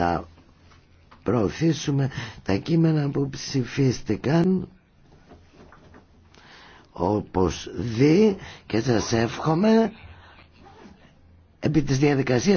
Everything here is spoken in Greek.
θα προωθήσουμε τα κείμενα που ψηφίστηκαν όπως δει και σας εύχομαι επί της διαδικασίας